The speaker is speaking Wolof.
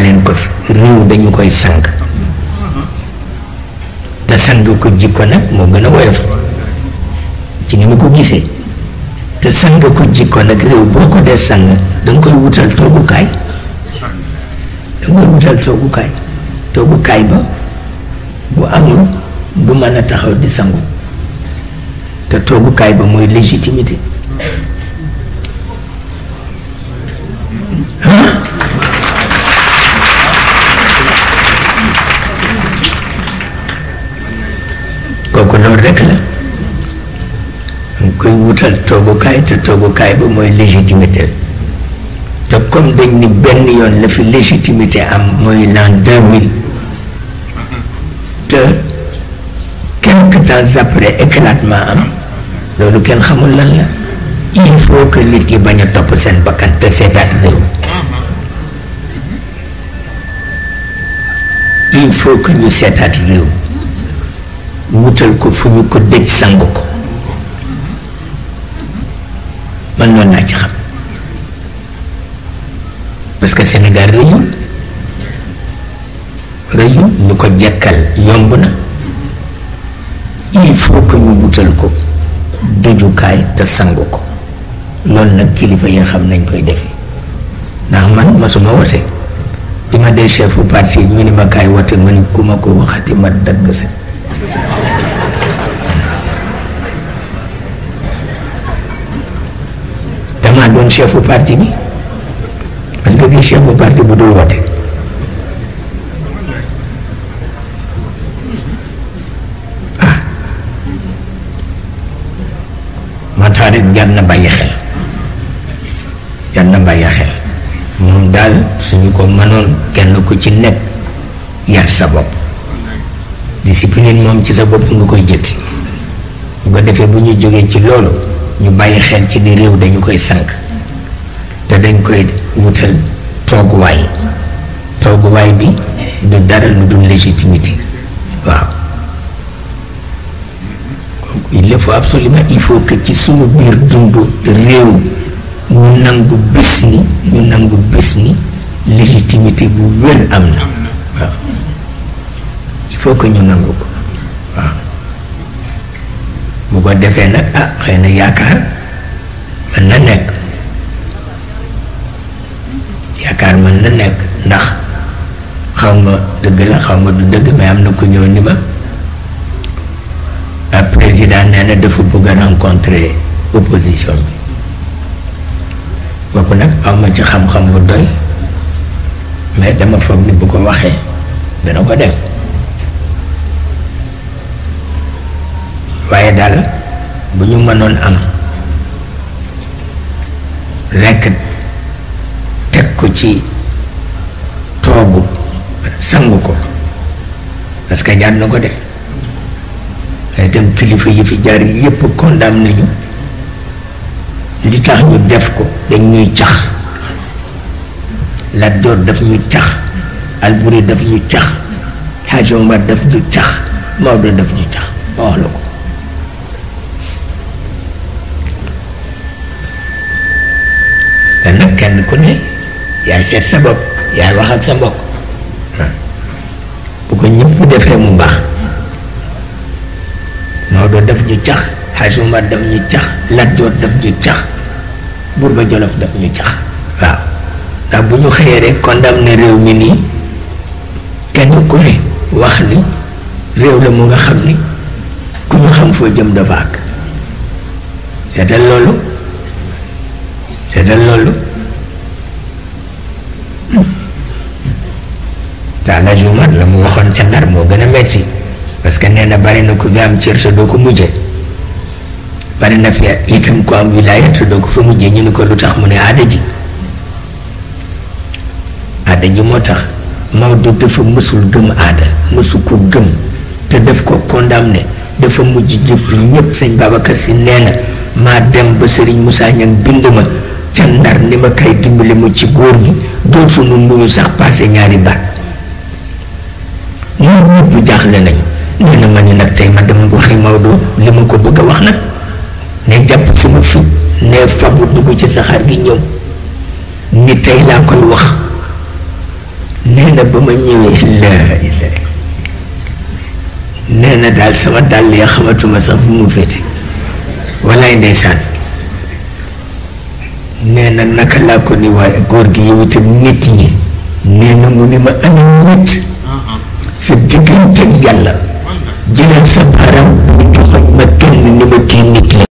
leen ko fi réew dañu koy sang te sang ko jikko nag moo gën a woyof ci ni ma ko gisee te sang ko jikko nag réew boo ko dee sang danga koy wutal toogukaay danga koy wutal toogukaay toogukaay ba bu amul bu mën a taxaw di sangu te toogukaay ba mooy légitimité kooku loolu rek la dañ koy wutal toogukaay te toogukaay ba mooy légitimité te comme dañ ni benn yoon la fi légitimité am mooy l'an deux mille te quelque temps après éclatement am loolu kenn xamul lan la il faut que nit yi bañ a topp seen bakkan te seetaat réew il faut que ñu seetaat réew wutal ko fu ñu ko dëj sang ko man noonu naa ci xam parce que Sénégal rëyul rëyul ñu ko jekkal yomb na il faut que ñu wutal ko dëjukaay te sang ko loolu nag kilifa yi xam nañ koy defee ndax man masuma wote bi ma dee chef bu parti ñu ni ma kaay wote ma ni ku ma ko waxati ma dagg sa damaa doon chefu parti bi parce que gis chefu parti bu dul wote ah moo tax rek jar na bàyyi xel jar na bàyyi xel moom daal suñu ko mënoon kenn ku ci nekk yar sa bopp discipline moom ci sa bopp nga koy jëkk bu defee bu ñu jógee ci loolu ñu bàyyi xel ci ni réew dañu koy sànq te dañ koy wutal tooguwaay tooguwaay bi du dara lu dul légitimité waaw il faut absolument il faut que ci suma biir dund réew ñu nangu bis ni ñu nangu bis ni légitimité bu wér am na waaw faut que ñu nangu ko waaw bu ko defee nag ah xëy na yaakaar mën na nekk yaakaar mën na nekk ndax xaw ma dëgg la xaw ma du dëgg may am na ku ñëw ni ma ab ah, président nee na dafa bëgg a rencontrer opposition bi boobu nag aw ma ci xam-xam bu doy mais dama foog ni bu ko waxee dana ko def waaye daal bu ñu mënoon am rekk teg ko ci toogu sangu ko parce que jaar na ko de waaye itam kilifa yi fi jaar yépp condamné nañu li tax ñu def ko dañ ñu cax Lat Joor ñu cax Alburi daf ñu cax Xaaji Omar daf ñu cax Maodo daf ñu cax ma wax la ko nag kenn ku ne yaay seet sa bopp yaay wax ak sa mbokk bu ko ñëpp defee mu baax Maodo daf ñu cax Hadj Omar daf ñu cax Lat Joor daf ñu cax Bourba Jolof daf ñu cax waaw ndax bu ñu xëyee rek ne réew mi nii kenn ku ne wax ni réew la mu nga xam ni ku ñu xam foo jëm dafa ak seetal loolu seetal loolu te Alaaji Umar la mu waxoon ca Ndar moo gën a metti parce que nee na bari na ku fi am cër te doo ko mujje bari na fi itam ku am wilaaya te doo ko fa mujje ñu ni ko lu tax mu ne aada ji aada ji moo tax Maodo dafa mësul gëm aada mësu ko gëm te def ko kondam ne dafa mujj jëpp ñëpp sëñ Babacar si nee na maa dem ba Serigne Moussa Niang bind ma ca Ndar ni ma kay dimbali mu ci góor gi dootuñu nuyu sax passé ñaari baat ñëpp jaaxle nañu nee na ma ni nag tey ma dem waxi Maodo li ma ko bëgg a wax nag ne jàpp sama fit ne fabu dugg ci saxaar gi ñëw ni tey laa koy wax nee na ba ma ñëwee laa ilaha na daal sama dàll ya xamatuma sax bu mu féete walaay ndeysaan nee naka laa ko ni waaye góor gi yow itam nit ñi nee na mu ma ana nit sa diggante ak yàlla jëlal sa baaraam bu ma kenn ni ma kii nit la